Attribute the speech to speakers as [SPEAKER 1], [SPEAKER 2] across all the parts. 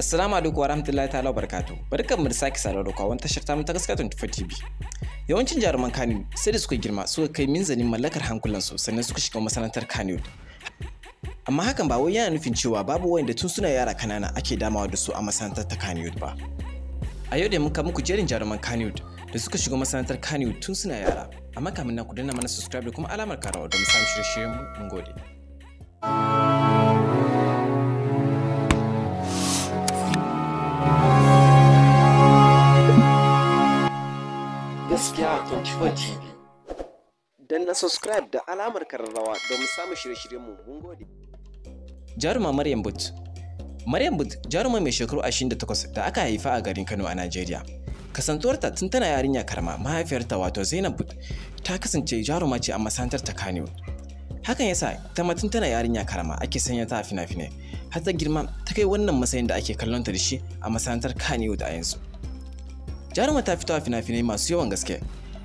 [SPEAKER 1] Assalamu alaikum warahmatullahi ta'ala barkatu. Barkanmu da sake saduwa da kwawon tashar ta ta gaskatun tufa TV. Yawancin jaruman Kano sai da suka girma suka kai minzanin mallakar hankulansu sannan suka shiga masanantar Kano. Amma hakan ba wai yana nufin cewa babu wanda tun suna yara kanana ake damawa da su a masanantar ta Kano ba. A yau da muka muku jerin jaruman Kano da suka shiga masanantar Kano tun suna yara. Amma kamin na ku danna mana subscribe da kuma alamar karawa don mu samu shirye-shiryen mu. Mun gode. na subscribe da alamar kararrawa don samun shirye-shiryenmu mun gode. Jaruma Maryam But Maryam But jaruma mai shekaru 28 da aka haifa a garin Kano a Najeriya. Kasantuwarta tun tana yarinya karma mahaifiyarta wato Zainab But ta kasance jaruma ce a masantar ta Kano. Hakan yasa ta tun tana yarinya karama ake sanya ta a fina-finai har ta girma ta kai wannan matsayin da ake kallon ta da shi a masantar Kano da a yanzu. Jaruma ta fito a fina-finai masu yawan gaske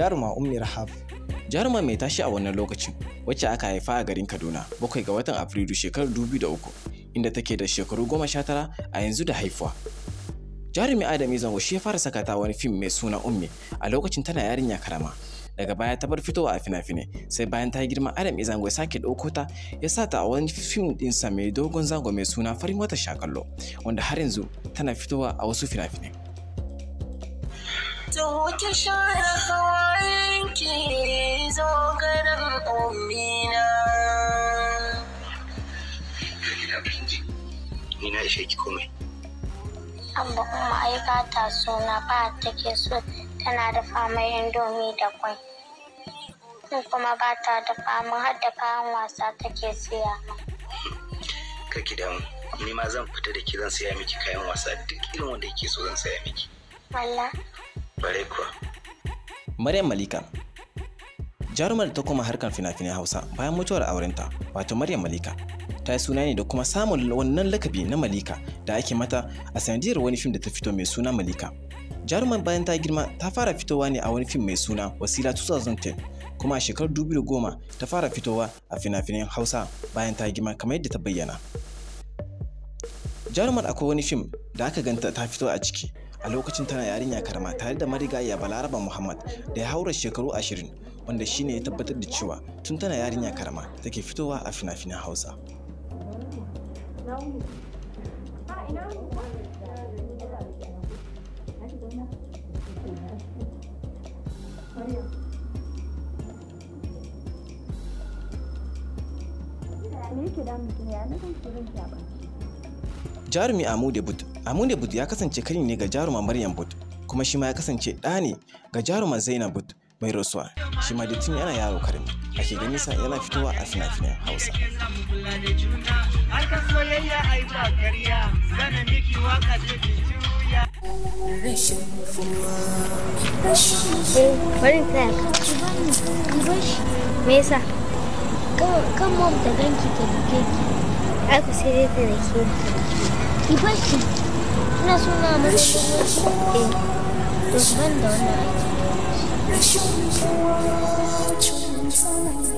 [SPEAKER 1] jaruma ummi rahab jaruma mai tashi a wannan lokacin wacce aka haifa a garin kaduna bakwai ga watan afrilu shekarar uku, inda take da shekaru goma sha tara a yanzu da haifuwa jarumi adami izango shi ya fara sakata wani fim mai suna ummi a lokacin tana yarinya karama daga baya ta bar fitowa a fina-finai sai bayan ta girma adam izango ya sake ɗauko ta ya sa ta a wani fim ɗinsa mai dogon zango mai suna farin wata shakallo wanda har yanzu tana fitowa a wasu fina-finai to ki share hawayenki zo garin umina ni na ishe ki komai amma kuma ai ba ta so na ba so tana da fama indomi da kwai kuma ba ta da fama har da kayan wasa ke siya ka ki damu ni ma zan fita da ki zan siya miki kayan wasa duk irin wanda ke so zan siya miki wallahi Bare da Maryam Malika Jarumar ta koma harkar fina-finan Hausa bayan mutuwar aurenta, wato Maryam Malika. Ta yi suna ne da kuma samun wannan lakabi na Malika da ake mata a sanadiyar wani fim da ta fito mai suna Malika. Jarumar bayan ta girma ta fara fitowa ne a wani fim mai suna Wasila 2010 kuma a shekarar 2010 ta fara fitowa a fina-finan Hausa bayan ta girma kamar yadda ta bayyana. Jarumar akwai wani fim da aka ganta ta fito a ciki a lokacin tana yarinya karama tare da marigaya balaraba muhammad da ya haura shekaru ashirin wanda shine ya tabbatar da cewa tun tana yarinya karama take fitowa a fina-finan hausa Me yake Jarumi Amude But. Amude But ya kasance kari ne ga jaruma Maryam But, kuma shi ma ya kasance ɗa ne ga jaruma Zainab But mai rasuwa. Shi ma tun yana yaro karin ake gani sa yana fitowa a fina-finan Hausa. taya ka. Me yasa? Kan mom ta ganki ta duke ki. Aku sai dai ta da ke. Y pues sí, una zona más eh, nos manda una.